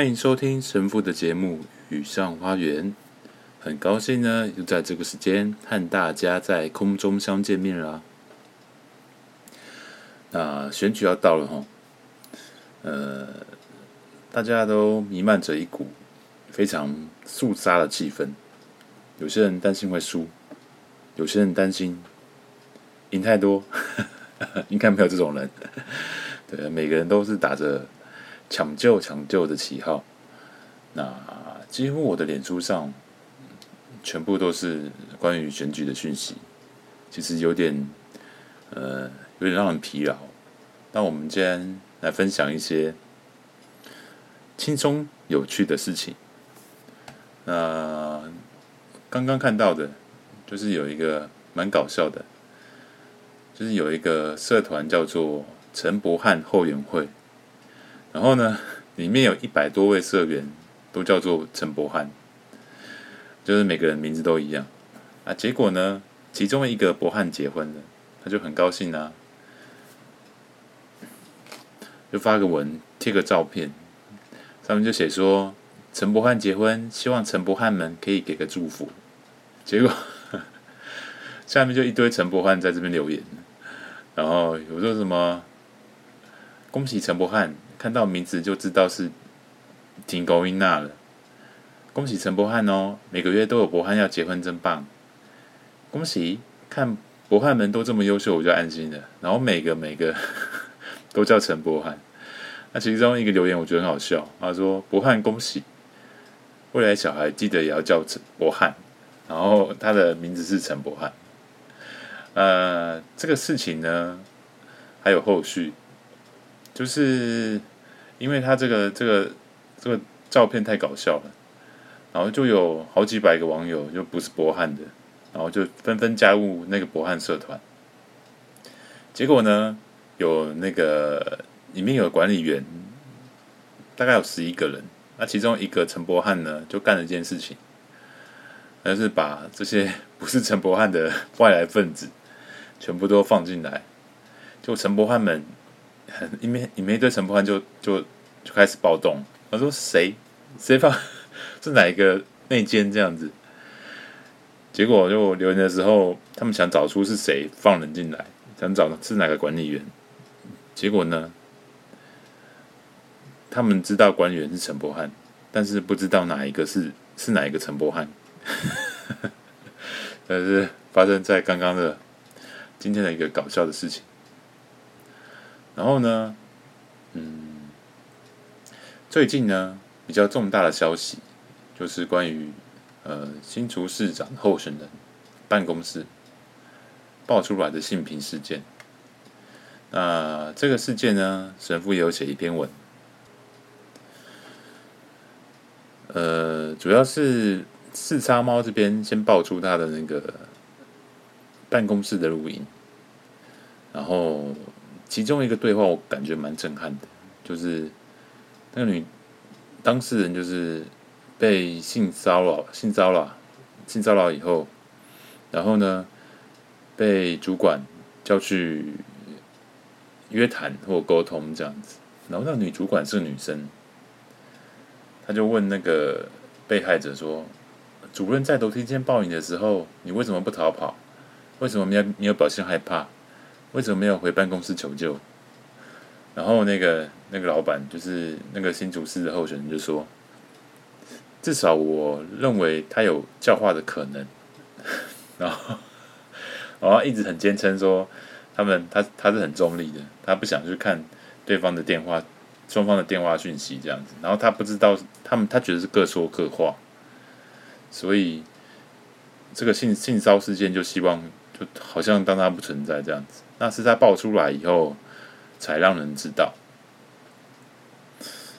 歡迎收聽神父的節目《雨上花園》。很高興呢，又在這個時間和大家在空中相見面啦、啊。那、啊、選舉要到了吼、哦，呃，大家都彌漫着一股非常肅殺的氣氛。有些人擔心會輸，有些人擔心贏太多，應 該沒有這種人。對、啊，每個人都是打着。搶救、搶救的旗號，那幾乎我的臉書上全部都是關於選舉的訊息，其實有點，呃，有點讓人疲勞。那我們今天來分享一些輕鬆有趣的事情。那剛剛看到的，就是有一個蠻搞笑的，就是有一個社團叫做陳柏翰後援會。然後呢，裡面有一百多位社員，都叫做陳柏翰，就是每個人名字都一樣啊。結果呢，其中一個柏翰結婚了，他就很高興啊，就發個文貼個照片，上面就寫說：“陳柏翰結婚，希望陳柏翰們可以給個祝福。”結果呵呵下面就一堆陳柏翰在這邊留言，然後有說什麼“恭喜陳柏翰”。看到名字就知道是挺 i n g o 了，恭喜陳柏翰哦，每個月都有柏翰要結婚，真棒！恭喜，看柏翰們都這麼優秀，我就安心了。然後每個每個都叫陳柏翰，那其中一個留言我覺得很好笑，他說：“柏翰恭喜，未來小孩記得也要叫陳柏翰。”然後他的名字是陳柏翰，呃，這個事情呢還有後續，就是。因為他這個這個這個照片太搞笑了，然後就有好幾百個網友，就不是柏翰的，然後就紛紛加入那個柏翰社團。結果呢，有那個裡面有管理員，大概有十一個人，啊，那其中一個陳柏翰呢，就幹了一件事情，而是把這些不是陳柏翰的外來分子，全部都放進來，就陳柏翰們。因為你面一堆陳柏翰就就就開始暴動。我說，誰誰放是哪一個內奸這樣子？結果就留言的時候，他們想找出是誰放人進來，想找是哪個管理員。結果呢，他們知道管理員是陳柏翰，但是不知道哪一個是是哪一個陳柏翰。 但是發生在剛剛的今天的一個搞笑的事情。然後呢，嗯，最近呢比較重大的消息就是關於呃新竹市長候選人辦公室爆出來的性平事件。那，呃，這個事件呢，神父也有寫一篇文，呃，主要是四叉貓這邊先爆出他的那個辦公室的錄音，然後。其中一個對話我感覺蠻震撼的，就是那個女當事人就是被性騷擾，性騷擾，性騷擾以後，然後呢被主管叫去約談或溝通這樣子，然後那個女主管是女生，她就問那個被害者說：“主任在樓梯間抱你的時候，你為什麼不逃跑？為什麼沒有沒有表現害怕？”為什麼沒有回辦公室求救？然後那個那個老闆，就是那個新廚師的候選人，就說：“至少我認為他有教化的可能。 ”然後，然後一直很堅稱說，他們他他，他是很中立的，他不想去看對方的電話，雙方的電話訊息這樣子。然後他不知道他們，他覺得是各說各話，所以這個性性騷事件就希望就好像當他不存在這樣子。那是在爆出來以後才讓人知道。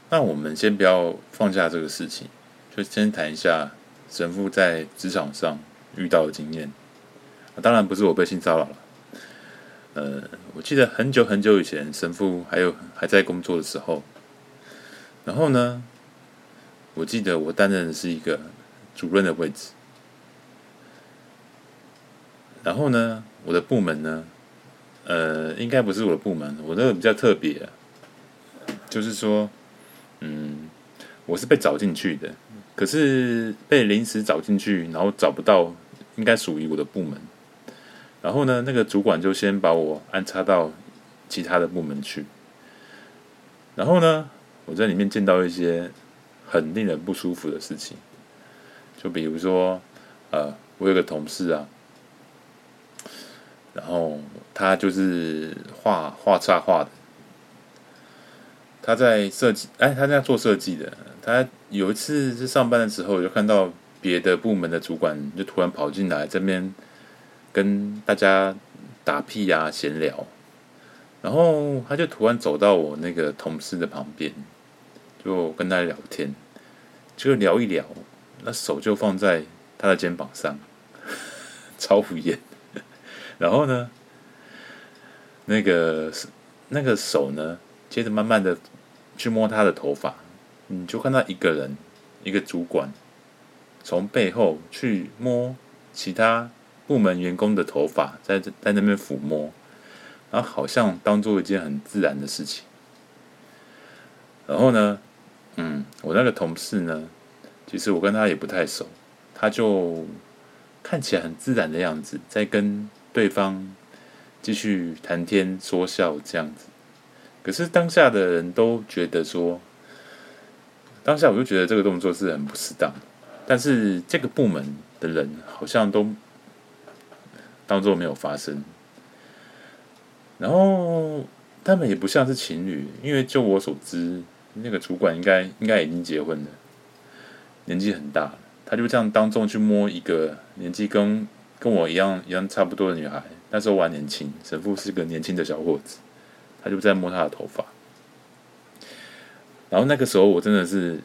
那我們先不要放下這個事情，就先談一下神父在職場上遇到的經驗。啊，當然不是我被性騷擾了。呃，我記得很久很久以前，神父還有還在工作的時候。然後呢，我記得我擔任的是一個主任的位置。然後呢，我的部門呢，呃，應該不是我的部門，我這個比較特別，啊，就是說，嗯，我是被找進去的，可是被臨時找進去，然後找不到應該屬於我的部門，然後呢，那個主管就先把我安插到其他的部門去，然後呢，我在裡面見到一些很令人不舒服的事情，就比如說，呃，我有個同事啊。然後他就是畫畫插畫的，他在設計，哎，他在做設計的。他有一次是上班的時候，就看到別的部門的主管就突然跑進來這邊跟大家打屁呀啊閒聊，然後他就突然走到我那個同事的旁邊，就跟他聊天，就聊一聊，那手就放在他的肩膀上，超無言。然後呢，那個那個手呢，接着慢慢的去摸他的頭髮，你就看到一個人，一個主管，從背後去摸其他部門員工的頭髮，在在那邊撫摸，然後好像當做一件很自然的事情。然後呢，嗯，我那個同事呢，其實我跟他也不太熟，他就看起來很自然的樣子，在跟。對方繼續談天說笑這樣子，可是當下的人都覺得說，當下我就覺得這個動作是很不適當。但是這個部門的人好像都當作沒有發生，然後他們也不像是情侶，因為就我所知，那個主管應該應該已經結婚了，年紀很大，他就這樣當眾去摸一個年紀跟。跟我一樣一樣差不多的女孩，那時候我還年輕。神父是個年輕的小伙子，他就在摸她的頭髮。然後那個時候，我真的是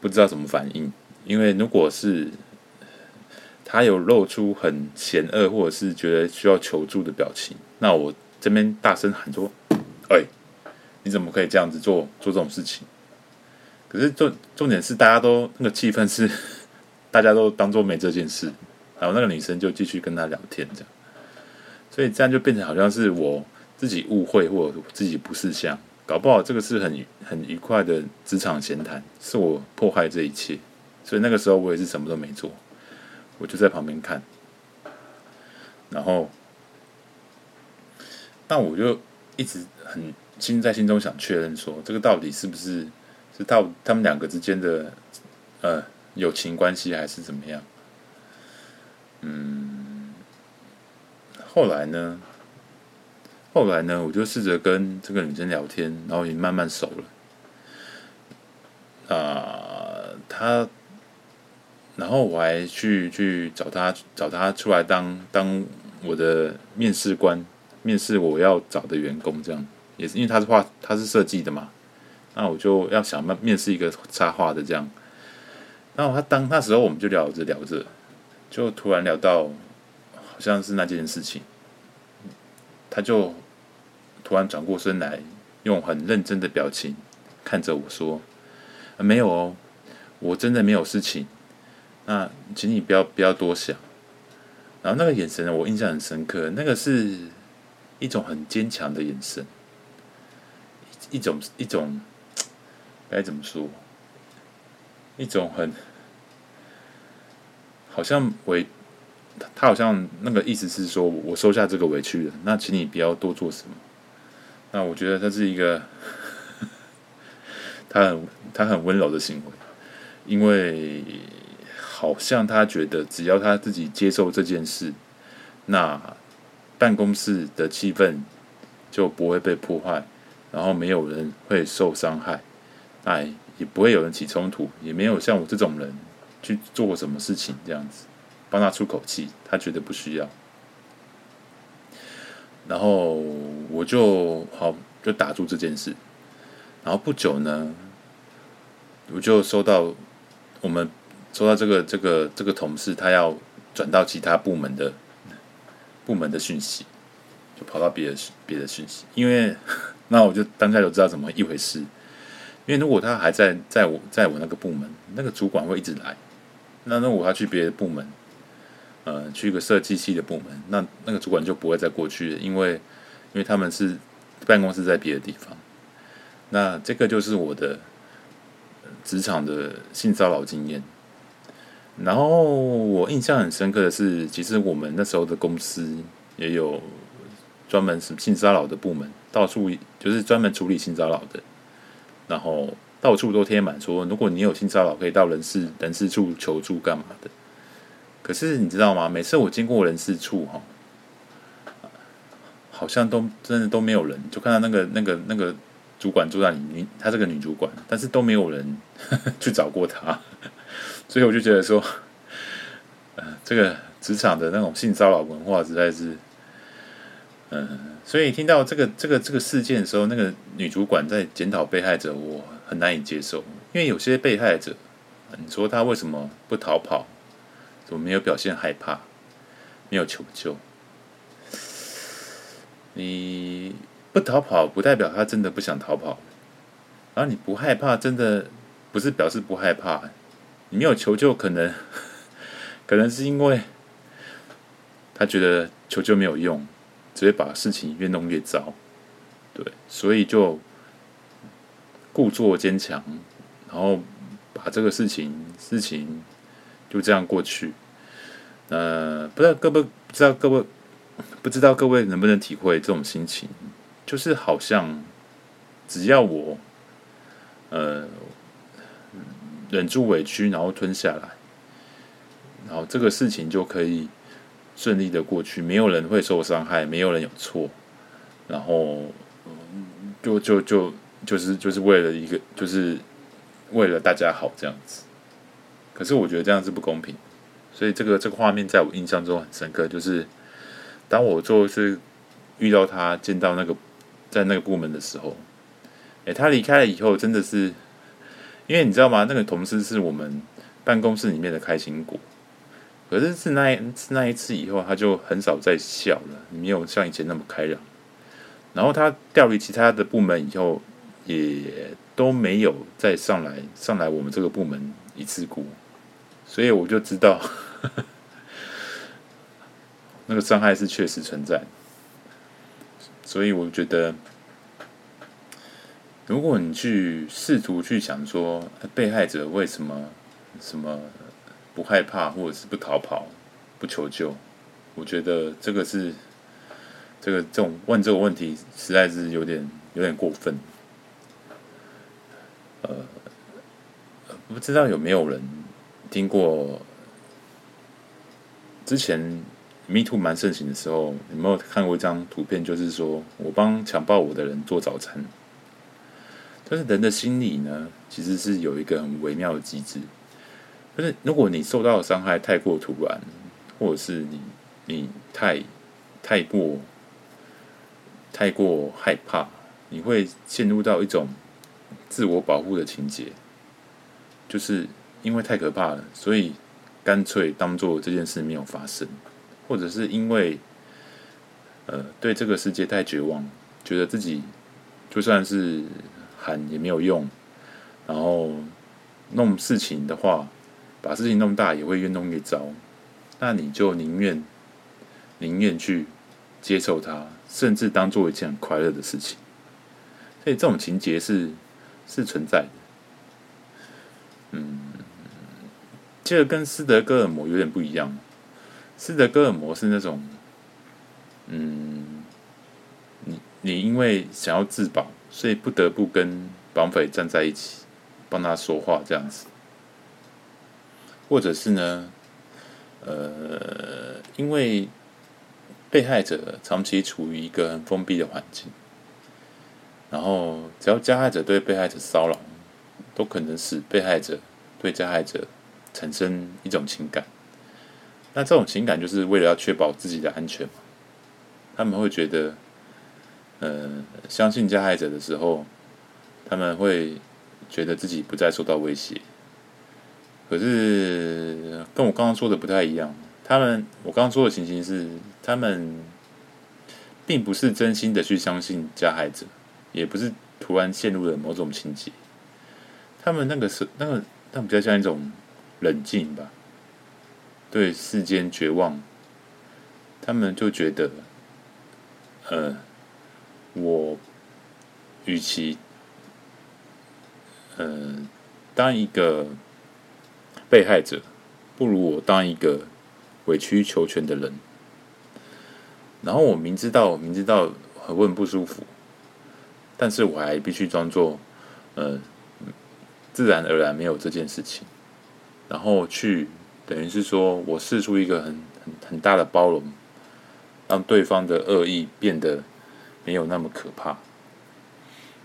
不知道什麼反應，因為如果是他有露出很嫌惡或者是覺得需要求助的表情，那我這邊大聲喊說：“哎、欸，你怎麼可以這樣子做做這種事情？”可是重重點是，大家都、那個、氛是，大家都那個氣氛是大家都當做沒這件事。然後那個女生就繼續跟他聊天，這樣，所以這樣就變成好像是我自己誤會，或者自己不識相，搞不好這個是很很愉快的職場閒談，是我破壞這一切。所以那個時候我也是什麼都沒做，我就在旁邊看。然後，那我就一直很心在心中想確認說，這個到底是不是是到他，他們兩個之間的呃友情關係，還是怎麼樣？嗯，後來呢？後來呢？我就試着跟這個女生聊天，然後也慢慢熟了。啊、呃，她，然後我還去去找她，找她出來當當我的面試官，面試我要找的員工，這樣也是因為她是畫，她是設計的嘛。那我就要想辦面試一個插畫的這樣。然後她當那時候我們就聊着聊着。就突然聊到，好像是那件事情，他就突然轉過身來，用很認真的表情看着我說：“沒有哦，我真的沒有事情。那請你不要不要多想。”然後那個眼神呢，我印象很深刻，那個是一種很堅強的眼神，一種一種該怎麼說？一種很。好像委，他他好像那個意思是說，我收下這個委屈了，那請你不要多做什麼。那我覺得他是一個 他，他很他很溫柔的行為，因為好像他覺得只要他自己接受這件事，那辦公室的氣氛就不會被破壞，然後沒有人會受傷害，哎，也不會有人起衝突，也沒有像我這種人。去做什麼事情這樣子，幫他出口氣，他覺得不需要。然後我就好就打住這件事。然後不久呢，我就收到我們收到這個這個這個同事他要轉到其他部門的部門的訊息，就跑到別的別的訊息，因為那我就當下就知道怎麼一回事。因為如果他還在在我在我那個部門，那個主管會一直來。那那我還去別的部門，呃，去一個設計系的部門，那那個主管就不會再過去了，因為因為他們是辦公室在別的地方。那這個就是我的職場的性騷擾經驗。然後我印象很深刻的是，其實我們那時候的公司也有專門是性騷擾的部門，到處就是專門處理性騷擾的。然後。到處都貼滿說，如果你有性騷擾，可以到人事人事處求助，幹嘛的？可是你知道嗎？每次我經過人事處，哈，好像都真的都沒有人，就看到那個那個那個主管坐在裡面，她這個女主管，但是都沒有人呵呵去找過她，所以我就覺得說，呃，這個職場的那種性騷擾文化實在是，呃，所以聽到這個這個這個事件的時候，那個女主管在檢討被害者，我。很難以接受，因為有些被害者，你說他為什麼不逃跑？怎麼沒有表現害怕？沒有求救？你不逃跑不代表他真的不想逃跑，然後你不害怕，真的不是表示不害怕。你沒有求救，可能可能是因為他覺得求救沒有用，只會把事情越弄越糟。對，所以就。故作堅強，然後把這個事情事情就這樣過去。呃，不知道各位，不知道各位，不知道各位能不能體會這種心情？就是好像只要我，呃，忍住委屈，然後吞下來，然後這個事情就可以順利的過去，沒有人會受傷害，沒有人有錯，然後就就就。就就就是就是為了一個，就是為了大家好這樣子。可是我覺得這樣子不公平，所以這個這個畫面在我印象中很深刻。就是當我就是遇到他，見到那個在那個部門的時候，哎、欸，他離開了以後，真的是因為你知道嗎？那個同事是我們辦公室裡面的開心果。可是是那自那一次以後，他就很少再笑了，沒有像以前那麼開朗。然後他調離其他的部門以後。也都沒有再上來上來我們這個部門一次過，所以我就知道 那個傷害是確實存在。所以我覺得，如果你去試圖去想說被害者為什麼什麼不害怕或者是不逃跑，不求救，我覺得這個是這個這種問這個問題，實在是有點有點過分。呃，不知道有沒有人聽過之前 Me Too 蠻盛行的時候，有沒有看過一張圖片？就是說我幫強暴我的人做早餐。但是人的心理呢，其實是有一個很微妙的機制。就是如果你受到的傷害太過突然，或者是你你太太過太過害怕，你會陷入到一種。自我保護的情節，就是因為太可怕了，所以乾脆當做這件事沒有發生，或者是因為呃，對這個世界太絕望，覺得自己就算是喊也沒有用，然後弄事情的話，把事情弄大也會越弄越糟，那你就寧願寧願去接受它，甚至當做一件很快樂的事情，所以這種情節是，是存在的，嗯，這個跟斯德哥爾摩有點不一樣。斯德哥爾摩是那種，嗯，你你因為想要自保，所以不得不跟綁匪站在一起，幫他說話這樣子，或者是呢，呃，因為被害者長期處於一個很封閉的環境。然後，只要加害者對被害者騷擾，都可能使被害者對加害者產生一種情感。那這種情感就是為了要確保自己的安全嘛。他們會覺得，呃，相信加害者的時候，他們會覺得自己不再受到威脅。可是，跟我剛剛說的不太一樣。他們，我剛剛說的情形是，他們並不是真心的去相信加害者。也不是突然陷入了某種情節，他們那個是那個，那比較像一種冷靜吧，對世間絕望，他們就覺得，呃，我與其，呃，當一個被害者，不如我當一個委曲求全的人，然後我明知道，我明知道會很不舒服。但是我還必須裝作，嗯、呃，自然而然沒有這件事情，然後去等於是說我釋出一個很很很大的包容，讓對方的惡意變得沒有那麼可怕，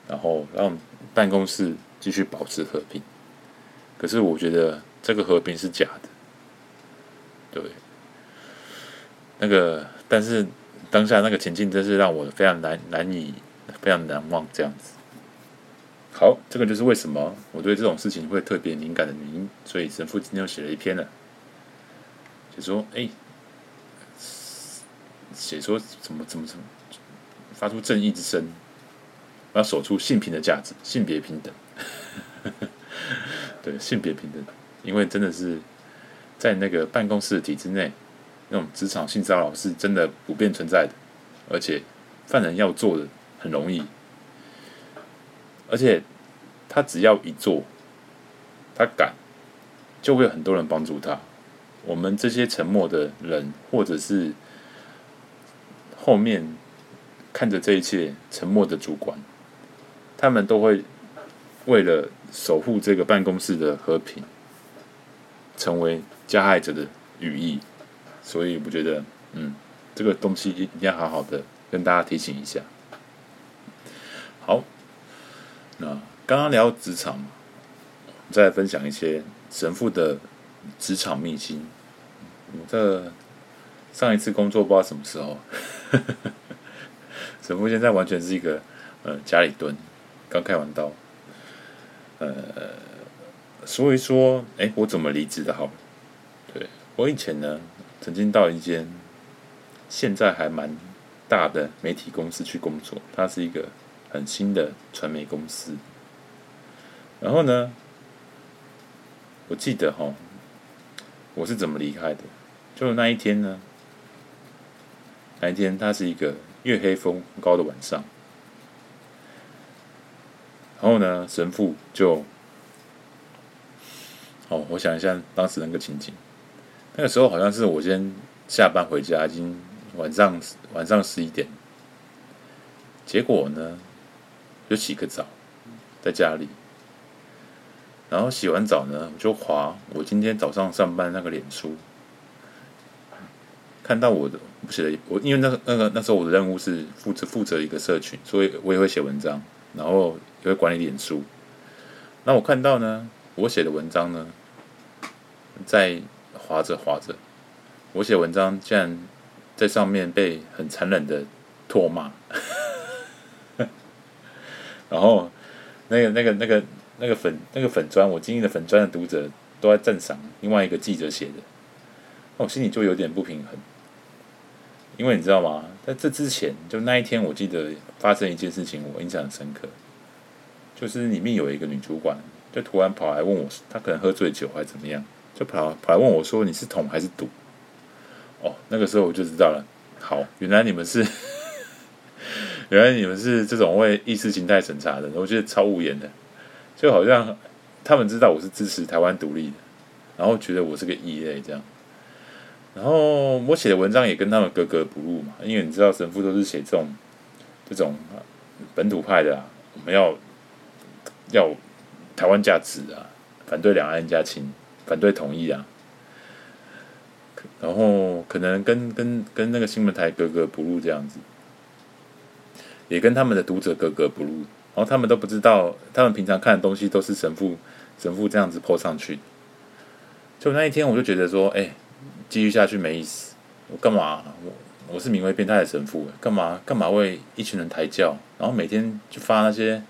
然後讓辦公室繼續保持和平。可是我覺得這個和平是假的，對不對？那個，但是當下那個情境真是讓我非常難難以。非常難忘，這樣子。好，這個就是為什麼我對這種事情會特別敏感的原因。所以神父今天又寫了一篇了，寫說，哎、欸，寫說怎麼怎麼怎麼發出正義之聲，我要守住性平的價值，性別平等呵呵。對，性別平等，因為真的是在那個辦公室的體制內，那種職場性騷擾是真的普遍存在的，而且犯人要做的。很容易，而且他只要一做，他敢，就會有很多人幫助他。我們這些沉默的人，或者是後面看着這一切沉默的主管，他們都會為了守護這個辦公室的和平，成為加害者的羽翼。所以我覺得，嗯，這個東西一定要好好的跟大家提醒一下。好，那剛剛聊職場嘛，我再分享一些神父的職場秘辛。這上一次工作不知道什麼時候，呵呵呵，神父現在完全是一個呃家裡蹲，剛開完刀。呃，所以說，哎，我怎麼離職的？好，對我以前呢，曾經到一間現在還蠻大的媒體公司去工作，它是一個。很新的傳媒公司，然後呢，我記得哈，我是怎麼離開的？就那一天呢，那一天它是一個月黑風高的晚上，然後呢，神父就，哦，我想一下當時那個情景，那個時候好像是我先下班回家，已經晚上晚上十一點，結果呢？就洗個澡，在家裡，然後洗完澡呢，我就滑我今天早上上班那個臉書，看到我的，我寫的，我因為那個那個那時候我的任務是負責負責一個社群，所以我也會寫文章，然後也會管理臉書。那我看到呢，我寫的文章呢，在滑著滑著，我寫文章竟然在上面被很殘忍的唾罵。然後，那個、那個、那個、那個粉、那個粉磚，我經營的粉磚的讀者都在讚賞另外一個記者寫的，那我心裡就有點不平衡。因為你知道嗎？在這之前，就那一天，我記得發生一件事情，我印象很深刻，就是裡面有一個女主管，就突然跑來問我，她可能喝醉酒還是怎麼樣，就跑跑來問我說：“你是捅還是賭？”哦，那個時候我就知道了，好，原來你們是。原來你們是這種為意識形態審查的，我覺得超無言的，就好像他們知道我是支持台灣獨立的，然後覺得我是個異類這樣。然後我寫的文章也跟他們格格不入嘛，因為你知道神父都是寫這種這種本土派的啊，我們要要台灣價值啊，反對兩岸一家親，反對統一啊。然後可能跟跟跟那個新聞台格格不入這樣子。也跟他們的讀者格格不入，然後他們都不知道，他們平常看的東西都是神父神父這樣子潑上去。就那一天，我就覺得說，哎、欸，繼續下去沒意思，我幹嘛？我我是名為變態的神父，干嘛幹嘛為一群人抬轎，然後每天就發那些，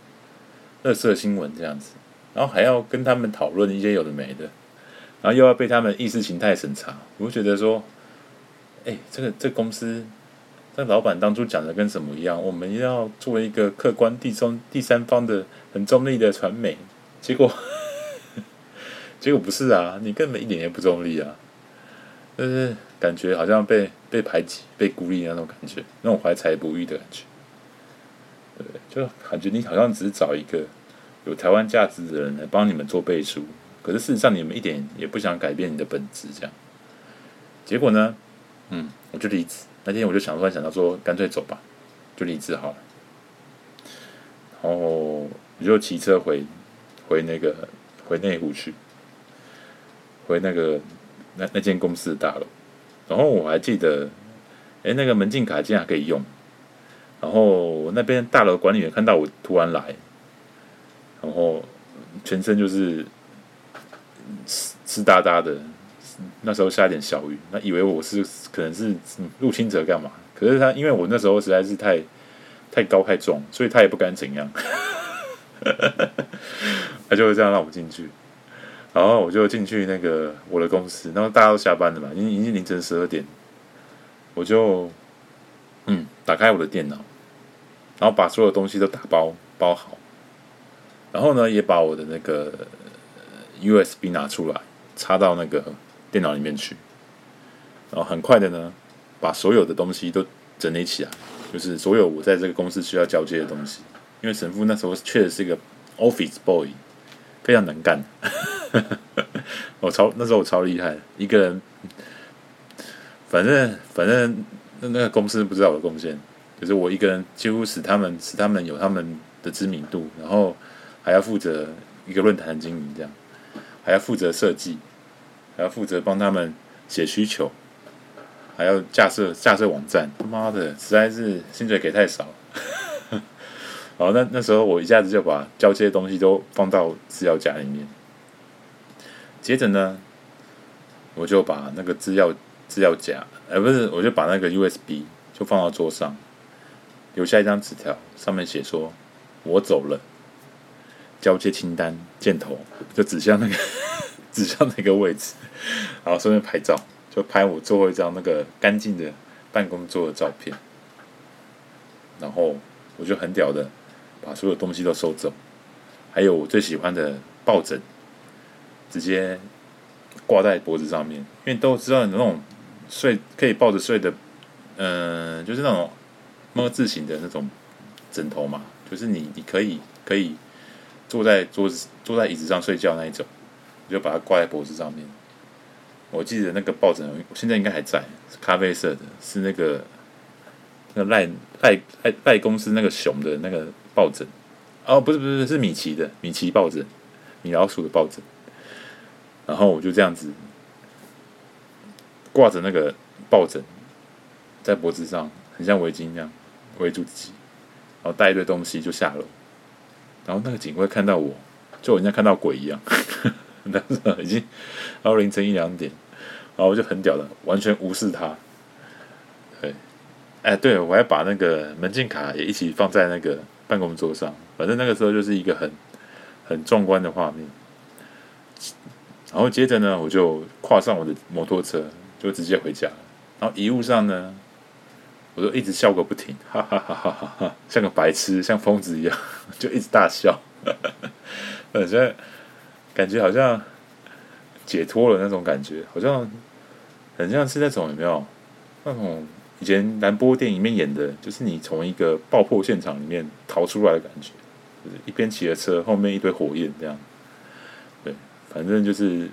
垃圾新聞這樣子，然後還要跟他們討論一些有的沒的，然後又要被他們意識形態審查，我就覺得說，哎、欸，這個這個、公司。那老闆當初講的跟什麼一樣？我們要做一個客觀第、地中第三方的很中立的傳媒，結果呵呵，結果不是啊！你根本一點也不中立啊！就是感覺好像被被排擠、被孤立那種感覺，那種懷才不遇的感覺，對，就感覺你好像只是找一個有台灣價值的人來幫你們做背書，可是事實上你們一點也不想改變你的本質，這樣。結果呢？嗯，我就離職。那天我就想突然想到說，乾脆走吧，就離職好了。然後我就騎車回回那個回內湖去，回那個那那間公司的大樓。然後我還記得，哎、欸，那個門禁卡竟然可以用。然後我那邊大樓管理員看到我突然來，然後全身就是濕濕噠噠的。那時候下一點小雨，那以為我是可能是入侵者幹嘛？可是他因為我那時候實在是太太高太重，所以他也不敢怎樣， 他就會這樣讓我進去。然後我就進去那個我的公司，然後大家都下班了嘛，已經已經凌晨十二點，我就嗯打開我的電腦，然後把所有東西都打包包好，然後呢也把我的那個 USB 拿出來插到那個。電腦裡面去，然後很快的呢，把所有的東西都整理起來，就是所有我在這個公司需要交接的東西。因為神父那時候確實是一個 office boy，非常能幹。 我超那時候我超厲害，一個人，反正反正那那個公司不知道我的貢獻，可、就是我一個人幾乎使他們使他們有他們的知名度，然後還要負責一個論壇經營，這樣還要負責設計。還要負責幫他們寫需求，還要架設架設網站，媽的，實在是薪水給太少。 好，那那時候我一下子就把交接的東西都放到資料夾裡面。接着呢，我就把那個資料資料夾，哎、欸，不是，我就把那個 U S B 就放到桌上，留下一張紙條，上面寫說：“我走了。”交接清單箭頭就指向那個。 指向哪個位置，然後順便拍照，就拍我最後一張那個乾淨的辦公桌的照片。然後我就很屌的把所有東西都收走，還有我最喜歡的抱枕，直接掛在脖子上面，因為都知道那種睡可以抱着睡的，嗯、呃，就是那種 ㄇ 字形的那種枕頭嘛，就是你你可以可以坐在桌子坐，坐在椅子上睡覺那一種。我就把它掛在脖子上面。我記得那個抱枕，我現在應該還在，咖啡色的，是那個，那賴賴賴賴公司那個熊的那個抱枕。哦，不是不是，是米奇的米奇抱枕，米老鼠的抱枕。然後我就這樣子掛着那個抱枕在脖子上，很像圍巾一樣圍住自己，然後帶一堆東西就下樓。然後那個警官看到我就像看到鬼一樣。 那時候已經，然後凌晨一兩點，然後我就很屌的，完全無視他。對，哎，對，我還把那個門禁卡也一起放在那個辦公桌上，反正那個時候就是一個很很壯觀的畫面。然後接着呢，我就跨上我的摩托車，就直接回家。然後一路上呢，我都一直笑個不停，哈哈哈哈哈哈，像個白痴，像瘋子一樣，就一直大笑，哈哈哈，反正。感覺好像解脫了那種感覺，好像很像是那種有沒有那種以前藍波電影裡面演的，就是你從一個爆破現場裡面逃出來的感覺，就是一邊騎着車，後面一堆火焰這樣。對，反正就是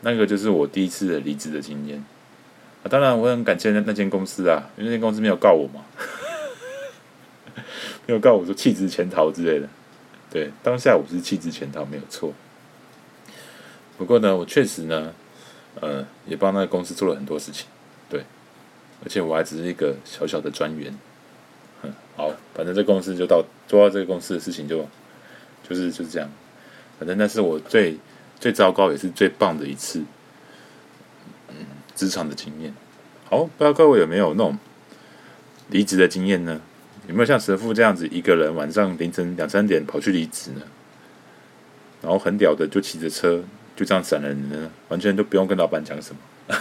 那個就是我第一次的離職的經驗。啊，當然我很感謝那那間公司啊，因為那間公司沒有告我嘛， 沒有告我說棄職潛逃之類的。對，當下我是棄職潛逃，沒有錯。不過呢，我確實呢，呃，也幫那個公司做了很多事情，對，而且我還只是一個小小的專員，好，反正這公司就到做到這個公司的事情就就是就是這樣，反正那是我最最糟糕也是最棒的一次，嗯，職場的經驗。好，不知道各位有沒有那種離職的經驗呢？有沒有像神父這樣子一個人晚上凌晨兩三點跑去離職呢？然後很屌的就騎着車。就這樣散了，你呢？完全都不用跟老闆講什麼，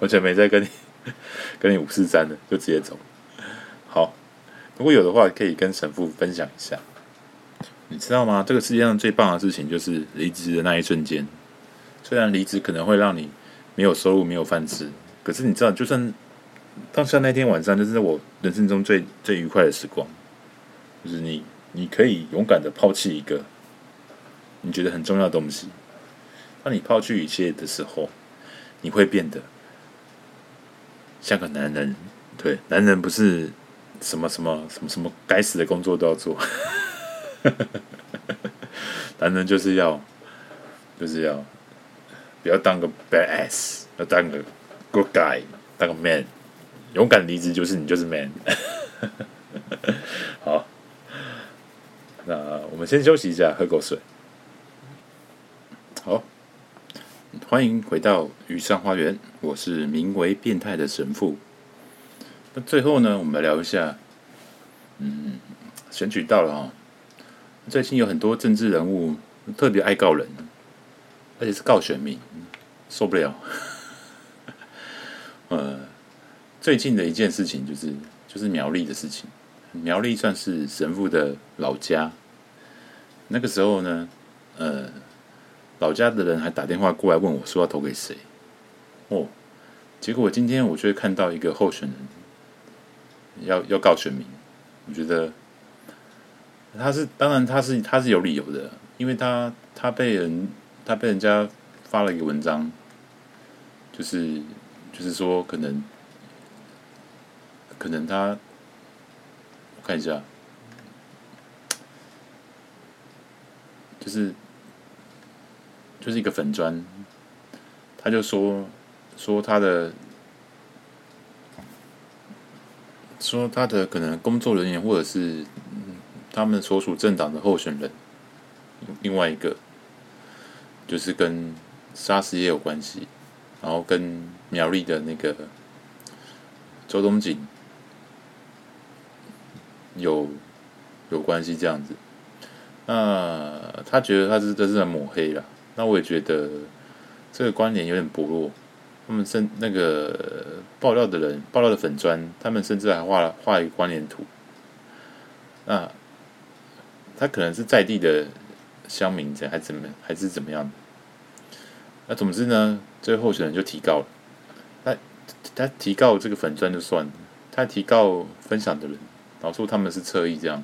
完 全沒在跟你跟你五四三的，就直接走。好，如果有的話，可以跟神父分享一下。你知道嗎？這個世界上最棒的事情，就是離職的那一瞬間。雖然離職可能會讓你沒有收入、沒有飯吃，可是你知道，就算到現在那天晚上，就是我人生中最最愉快的時光，就是你你可以勇敢的拋棄一個你覺得很重要的東西。當你拋去一切的時候，你會變得像個男人。對，男人不是什麼什麼什麼什麼該死的工作都要做， 男人就是要就是要，不要當個 bad ass，要當個 good guy，當個 man。勇敢離職就是你就是 man。 好，那我們先休息一下，喝口水。歡迎回到雨山花園，我是名為變態的神父。那最後呢，我們來聊一下，嗯，選舉到了哈、哦，最近有很多政治人物特別愛告人，而且是告選民，受不了。 呃，最近的一件事情就是，就是苗栗的事情。苗栗算是神父的老家，那個時候呢，呃。老家的人還打電話過來問我，說要投給誰？哦，結果今天我就看到一個候選人要要告選民，我覺得他是，當然他是他是有理由的，因為他他被人他被人家發了一個文章，就是就是說可能可能他，我看一下就是。就是一個粉專，他就說，說他的說他的可能工作人員，或者是他們所屬政黨的候選人。另外一個就是跟砂石業有關係，然後跟苗栗的那個周東景有有關係，這樣子。那他覺得他是這、就是在抹黑了。那我也覺得這個關聯有點薄弱。他們甚那個爆料的人、爆料的粉專，他們甚至還畫了畫一個關聯圖。那他可能是在地的鄉民怎還怎麼還是怎麼樣、怎樣，那總之呢，這候選人就提告了。他他提告這個粉專就算了，他提告分享的人，然後說他們是側翼這樣，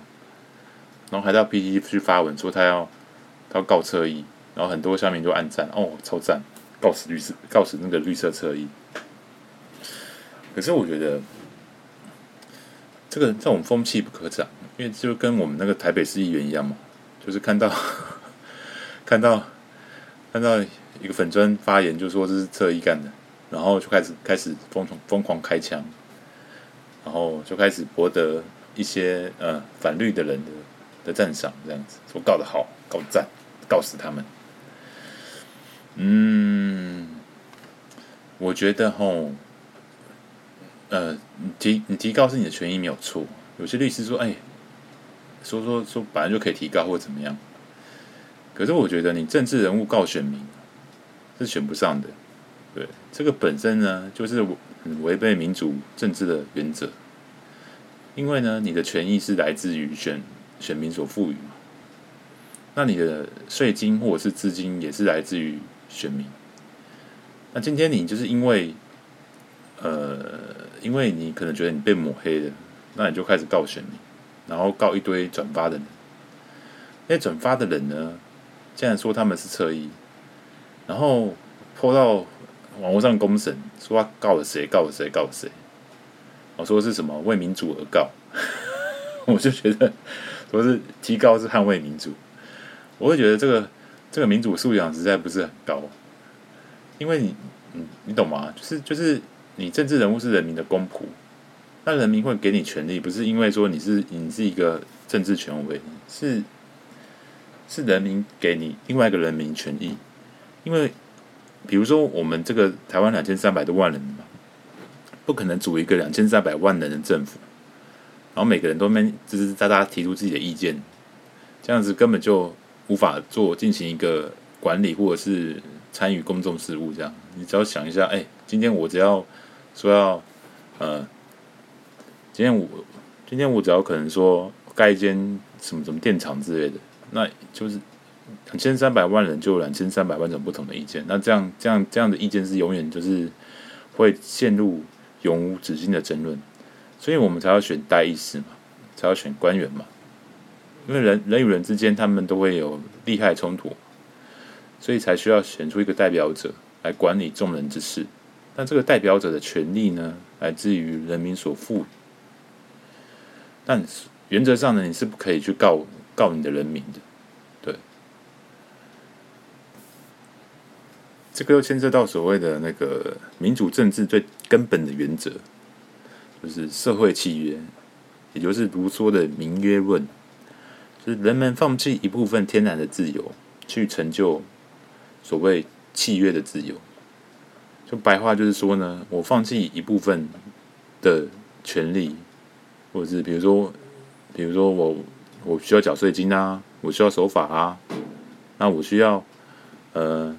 然後還到 PTT 去發文說他要他要告側翼。然後很多下面都按贊哦，超贊，告死綠色，告死那個綠色側翼。可是我覺得這個這種風氣不可長，因為就跟我們那個台北市議員一樣嘛，就是看到呵呵看到看到一個粉專發言，就說這是側翼幹的，然後就開始開始瘋狂瘋狂開槍，然後就開始博得一些呃反綠的人的的讚賞，這樣子說告得好，告贊，告死他們。嗯，我覺得吼，呃，你提你提告是你的權益沒有錯。有些律師說，哎，說說說，本來就可以提告或怎麼樣。可是我覺得你政治人物告選民，是選不上的。對，這個本身呢，就是違違背民主政治的原則。因為呢，你的權益是來自於選選民所賦予嘛。那你的稅金或者是資金也是來自於。選民，那今天你就是因為，呃，因為你可能覺得你被抹黑了，那你就開始告選民，然後告一堆轉發的人。那轉發的人呢，竟然說他們是側翼，然後潑到網絡上公審，說他告了誰，告了誰，告了誰。我說是什麼為民主而告， 我就覺得我是提告是捍衛民主，我會覺得這個。這個民主素養實在不是很高，因為你，你，你懂嗎？就是，就是，你政治人物是人民的公僕，那人民會給你權利，不是因為說你是你是一個政治權威，是是人民給你另外一個人民權益。因為，比如說我們這個台灣兩千三百多萬人嘛，不可能組一個兩千三百萬人的政府，然後每個人都沒吱吱喳喳提出自己的意見，這樣子根本就。無法做進行一個管理，或者是參與公眾事務，這樣你只要想一下，哎、欸，今天我只要說要，呃，今天我今天我只要可能說蓋一間什麼什麼電廠之類的，那就是兩千三百萬人就有兩千三百萬種不同的意見，那這樣這樣這樣的意見是永遠就是會陷入永無止境的爭論，所以我們才要選代議士嘛，才要選官員嘛。因為人人與人之間，他們都會有利害衝突，所以才需要選出一個代表者來管理眾人之事。但這個代表者的權力呢，來自於人民所賦予。但原則上呢，你是不可以去告告你的人民的，對。這個又牽涉到所謂的那個民主政治最根本的原則，就是社會契約，也就是盧梭的民約論。就是人們放棄一部分天然的自由，去成就所謂契約的自由。就白話就是說呢，我放棄一部分的權利，或者是比如說，比如說我我需要繳稅金啊，我需要守法啊，那我需要呃，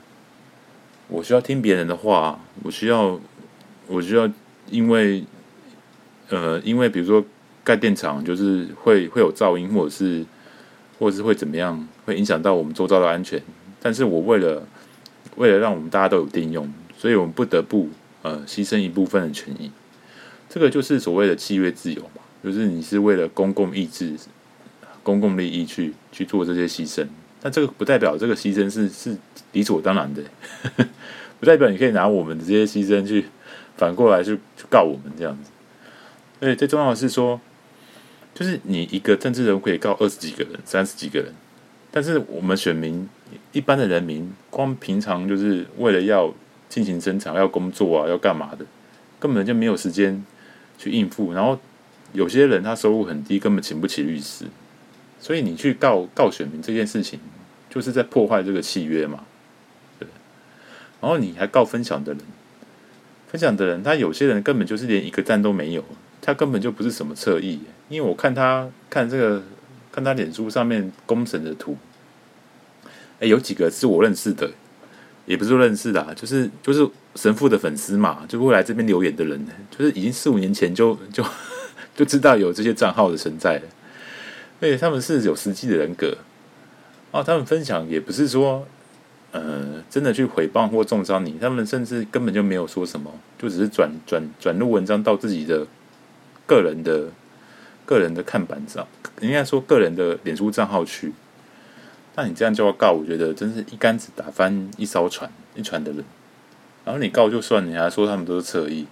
我需要聽別人的話啊，我需要我需要因為呃，因為比如說蓋電廠就是會會有噪音，或者是。或者是會怎麼樣，會影響到我們周遭的安全？但是我為了為了讓我們大家都有電用，所以我們不得不呃犧牲一部分的權益。這個就是所謂的契約自由嘛，就是你是為了公共意志、公共利益去去做這些犧牲。但這個不代表這個犧牲是是理所當然的，呵呵，不代表你可以拿我們的這些犧牲去反過來去，去告我們這樣子。所以最重要的是說。就是你一個政治人物可以告二十幾個人，三十幾個人，但是我們選民一般的人民，光平常就是為了要進行偵查、要工作啊、要幹嘛的，根本就沒有時間去應付。然後有些人他收入很低，根本請不起律師，所以你去告告選民這件事情，就是在破壞這個契約嘛，對。然後你還告分享的人，分享的人，他有些人根本就是連一個讚都沒有。他根本就不是什麼側翼，因為我看他看這個看他臉書上面公神的圖，哎，有幾個是我認識的，也不是認識的、啊，就是就是神父的粉絲嘛，就會來這邊留言的人，就是已經四五年前就就就， 就知道有這些賬號的存在了。而且他們是有實際的人格哦、啊，他們分享也不是說，呃，真的去誹謗或中傷你，他們甚至根本就沒有說什麼，就只是轉轉轉入文章到自己的。個人的個人的看板上，應該說個人的臉書賬號去。那你這樣就要告，我覺得真是一竿子打翻一艘船，一船的人。然後你告就算，你還說他們都是側翼，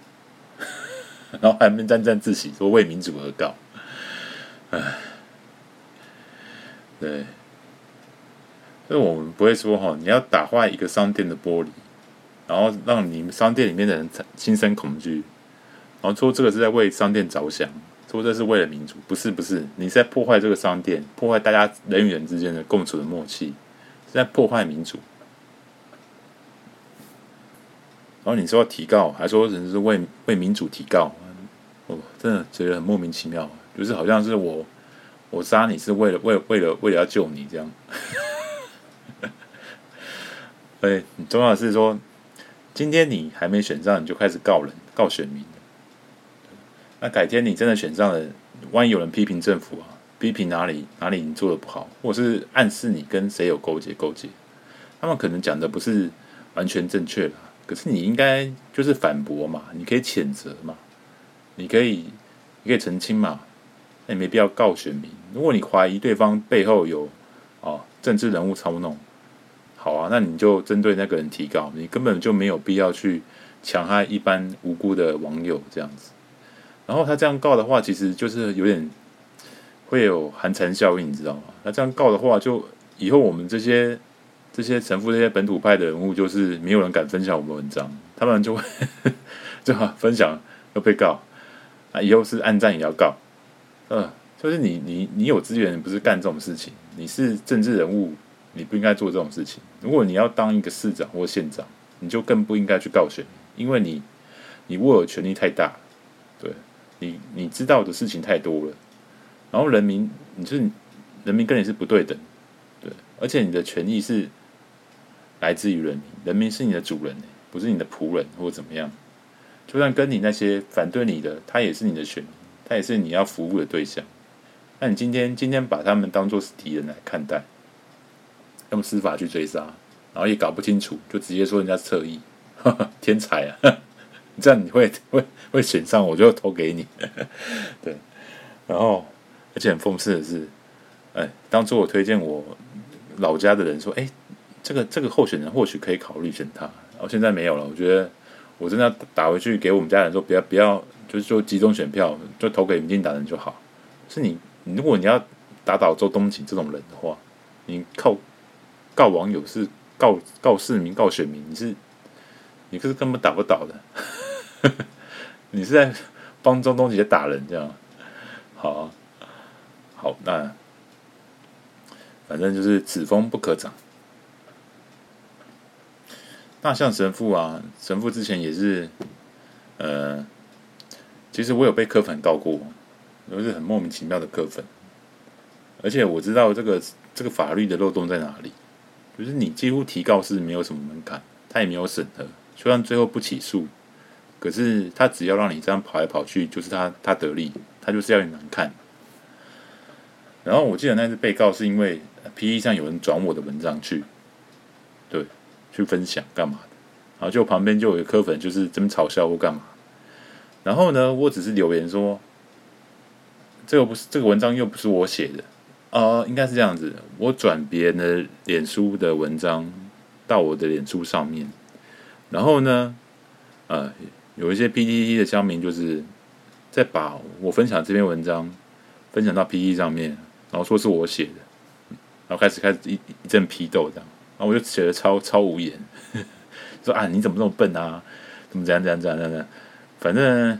然後還沒沾沾自喜說為民主而告。唉，對。所以我們不會說哈，你要打壞一個商店的玻璃，然後讓你商店裡面的人心生恐懼。然後說這個是在為商店着想，說這是為了民主，不是不是，你是在破壞這個商店，破壞大家人與人之間的共處的默契，是在破壞民主。然後你說要提告，還說人是為為民主提告，真的覺得很莫名其妙，就是好像是我我殺你是為了為為了為了要救你這樣。哎， 重要的是說，今天你還沒選上，你就開始告人告選民。那改天你真的選上了，萬一有人批評政府啊，批評哪裡哪裡你做的不好，或是暗示你跟誰有勾結勾結，他們可能講的不是完全正確的，可是你應該就是反駁嘛，你可以譴責嘛，你可以，你可以澄清嘛，那你沒必要告選民。如果你懷疑對方背後有哦、啊、政治人物操弄，好啊，那你就針對那個人提告，你根本就沒有必要去戕害一般無辜的網友這樣子。然後他這樣告的話，其實就是有點會有寒蟬效應，你知道嗎？那這樣告的話，就以後我們這些這些神父、這些本土派的人物，就是沒有人敢分享我們文章，他們就會 就分享要被告啊，以後是按讚，也要告，嗯、呃，就是你你你有資源，你不是幹這種事情，你是政治人物，你不應該做這種事情。如果你要當一個市長或縣長，你就更不應該去告誰，因為你你握有權力太大。你你知道的事情太多了，然後人民你、就是人民跟你是不對等，對，而且你的權益是來自於人民，人民是你的主人，不是你的僕人或者怎麼樣。就算跟你那些反對你的，他也是你的選民，他也是你要服務的對象。那你今天今天把他們當做是敵人來看待，用司法去追殺，然後也搞不清楚，就直接說人家是側翼哈哈，天才啊。這樣你會會會選上，我就投給你。 對，然後而且很諷刺的是，哎、欸，當初我推薦我老家的人說，哎、欸，這個這個候選人或許可以考慮選他。然後現在沒有了，我覺得我真的要打回去給我們家人說，不要不要，就是說集中選票，就投給民進黨人就好。就是你，你如果你要打倒周冬芹這種人的話，你靠告網友是告告市民告選民，你是你是根本打不倒的。 你是在幫中東姐打人這樣？好、啊、好，那反正就是此風不可長。那像神父啊，神父之前也是，呃，其實我有被柯粉告過，都是很莫名其妙的柯粉。而且我知道這個這個法律的漏洞在哪裡，就是你幾乎提告是沒有什麼門檻，他也沒有審核，就算最後不起訴。可是他只要讓你這樣跑來跑去，就是他他得利，他就是要你難看。然後我記得那次被告是因為 P P 上有人轉我的文章去，對，去分享幹嘛的？然後就旁邊就有一個科粉，就是這麼嘲笑我幹嘛。然後呢，我只是留言說，這個不是這個文章又不是我寫的啊、呃，應該是這樣子，我轉別人的臉書的文章到我的臉書上面，然後呢，呃。有一些 PTT 的鄉民，就是在把我分享這篇文章分享到 PTT 上面，然後說是我寫的，然後開始開始一一陣批鬥這樣，然後我就寫的超超無言，呵呵說啊，你怎麼這麼笨啊，怎麼怎樣怎樣怎樣怎樣，反正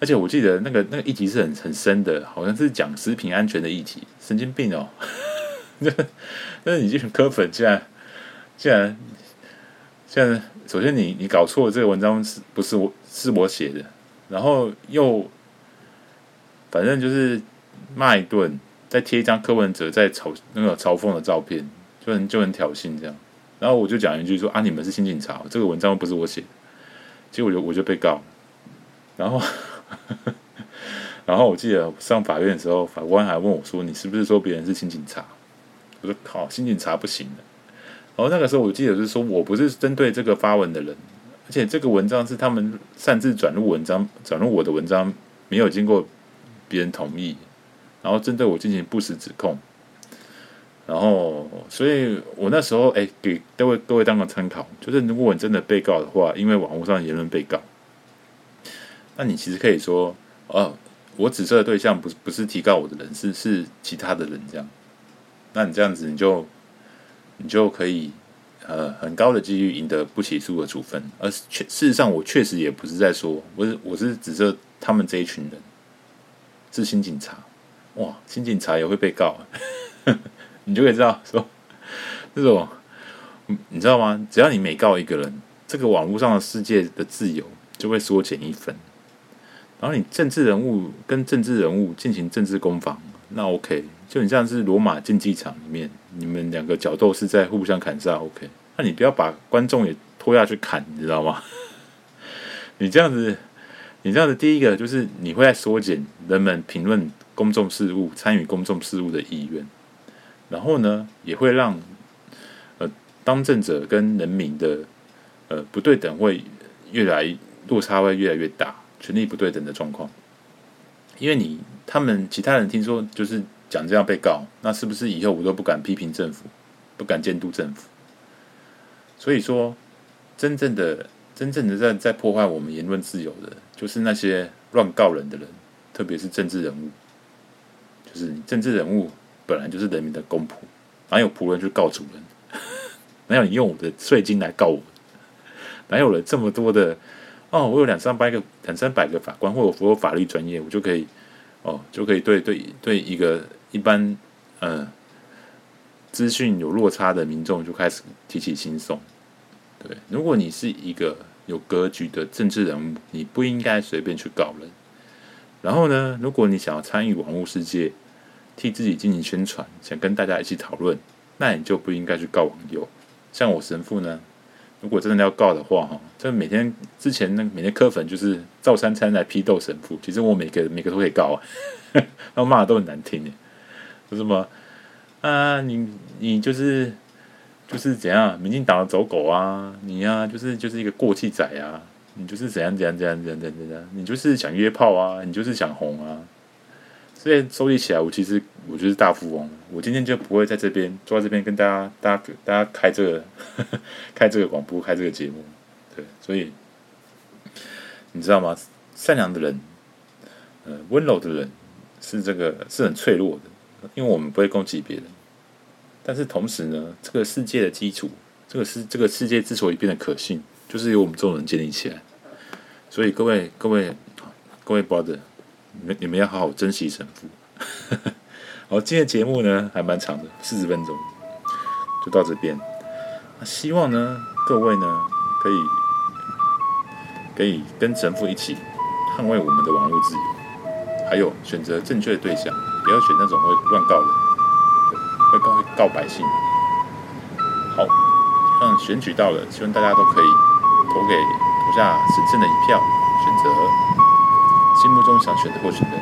而且我記得那個那個議題是很很深的，好像是講食品安全的議題，神經病哦，那那你很柯粉竟，竟然竟然。現在，首先你你搞錯了，這個文章是不是我是我寫的？然後又反正就是罵一頓，再貼一張柯文哲在嘲那個嘲諷的照片，就很就很挑釁這樣。然後我就講一句說啊，你們是新警察，這個文章不是我寫的。結果我就我就被告了。然後呵呵然後我記得上法院的時候，法官還問我說，你是不是說別人是新警察？我說靠、哦，新警察不行的。然、哦、後那個時候，我記得是說，我不是針對這個發文的人，而且這個文章是他們擅自轉入文章，轉入我的文章，沒有經過別人同意，然後針對我進行不實指控。然後，所以我那時候，哎、欸，給各位各位當個參考，就是如果我真的被告的話，因為網絡上言論被告，那你其實可以說，哦，我指責的對象不是不是提告我的人，是是其他的人這樣。那你這樣子，你就。你就可以，呃，很高的幾率贏得不起訴的處分。而確事實上，我確實也不是在說，我是，我是指這他們這一群人，是新警察，哇，新警察也會被告， 你就可以知道說，是不？這種，你知道嗎？只要你每告一個人，這個網絡上的世界的自由就會縮減一分。然後你政治人物跟政治人物進行政治攻防，那 OK。就你像是羅馬競技場裡面，你們兩個角鬥士在互相砍殺，OK？那你不要把觀眾也拖下去砍，你知道嗎？ 你這樣子，你這樣子，第一個就是你會在縮減人們評論公眾事務、參與公眾事務的意願，然後呢，也會讓呃，當政者跟人民的呃不對等會越來落差會越來越大，權力不對等的狀況。因為你他們其他人聽說就是。講這樣被告，那是不是以後我都不敢批評政府，不敢監督政府？所以說，真正的真正的在在破壞我們言論自由的，就是那些亂告人的人，特別是政治人物。就是政治人物本來就是人民的公僕，哪有僕人去告主人？ 哪有你用我的稅金來告我？哪有了這麼多的哦？我有兩三百個兩三百個法官，或者我有法律專業，我就可以哦，就可以對對對一個。一般，嗯、呃，資訊有落差的民眾就開始提起訴訟。對，如果你是一個有格局的政治人物，你不應該隨便去告人。然後呢，如果你想要參與網路世界，替自己進行宣傳，想跟大家一起討論，那你就不應該去告網友。像我神父呢，如果真的要告的話，哈，這每天之前那每天磕粉就是照三餐來批鬥神父，其實我每個每個都可以告啊，呵呵，那罵的都很難聽。就是什麼啊？你你就是就是怎樣？民進黨的走狗啊！你呀，啊，就是就是一個過氣仔啊！你就是怎樣怎樣怎樣怎樣怎樣，怎樣，怎樣，怎樣，怎樣？你就是想約炮啊！你就是想紅啊！所以收集起來，我其實我就是大富翁，我今天就不會在這邊坐在這邊跟大家大家大家開這個呵呵開這個廣播開這個節目。對，所以你知道嗎？善良的人，呃，溫柔的人是這個是很脆弱的。因為我們不會攻擊別人，但是同時呢，這個世界的基礎，這個世這個世界之所以變得可信，就是由我們眾人建立起來。所以各位各位各位 brother，你們你們要好好珍惜神父。 好，今天節目呢還蠻長的，四十分鐘，就到這邊。那希望呢，各位呢可以可以跟神父一起捍衛我們的網絡自由，還有選擇正確的對象。不要選那種會亂告的，會告會告百姓。好，那、嗯、選舉到了，希望大家都可以投給投下神聖的一票，選擇心目中想選的候選人。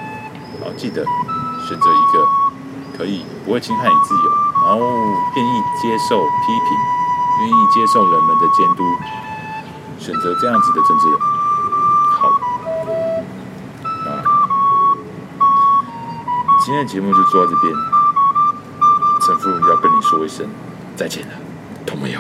好，記得選擇一個可以不會侵害你自由，然後願意接受批評，願意接受人們的監督，選擇這樣子的政治人。今天的節目就做到這邊，神父要跟你說一聲再見了，童不有